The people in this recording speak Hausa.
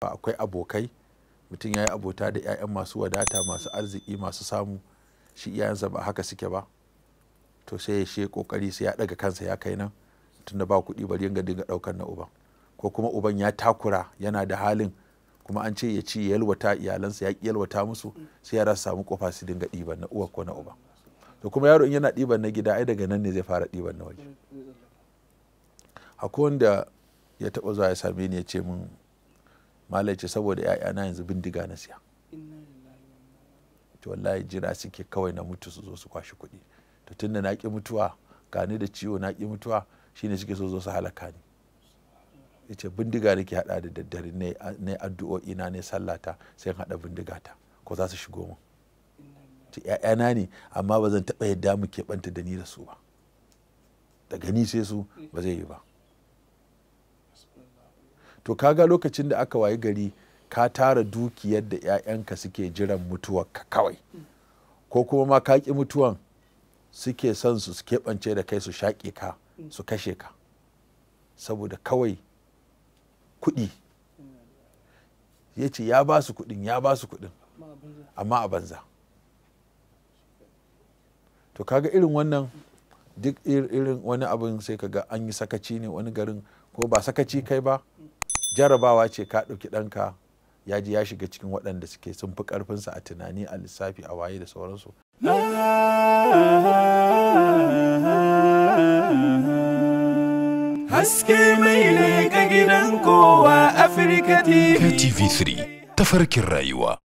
Ba akwai abokai mutum ya yi abota da 'ya'yan masu wadata masu arziki masu samu shi iyayensa ba haka suke ba to sai ya she kokari sai ya daga kansa ya kai nan tunda ba kuɗi bari yin dinga ɗaukar na uban ko kuma uban ya takura yana da halin kuma an ce ya ci ya yalwata iyalansa ya yalwata musu sai yara su samu kofa su dinga ɗiban na uwa ko na uba to kuma yaro in yana ɗiban na gida ai daga nan ne zai fara ɗiban na waje akwai wanda ya taɓa zuwa ya same ni ya ce min malai ce saboda ‘ya'yana yanzu bindiga na siya to wallahi jira suke kawai na mutu su zo su kwashi kuɗi to tun da na ƙi mutuwa gani da ciwo na ki mutuwa shine suke so zo su halaka ni yace bindiga nake hada da daddare ne addu'o'i na ne sallata sai in hada bindiga ta ko za su shigo mun ce ‘ya'yana ne amma ba zan taɓa yadda mu keɓanta da ni da su ba daga ni sai su ba zai yi ba to kaga lokacin da aka wayi gari ka tara dukiyar da 'ya'yanka suke jiran mutuwarka kawai ko kuma ma ka ƙi mutuwan suke son su keɓance da kai su shaƙe ka su kashe ka saboda kawai kuɗi ya ce ya ba su kuɗin ya ba su kuɗin amma a banza to kaga irin wannan duk irin wani abin sai kaga an yi sakaci ne wani garin ko ba sakaci kai ba jarabawa ce ka ɗauki ɗanka ya ji ya shiga cikin waɗanda suke sun fi ƙarfinsa a tunani a lissafi a waye da sauransu haske mai ne ga gidan kowa afirka tv3 tafarkin rayuwa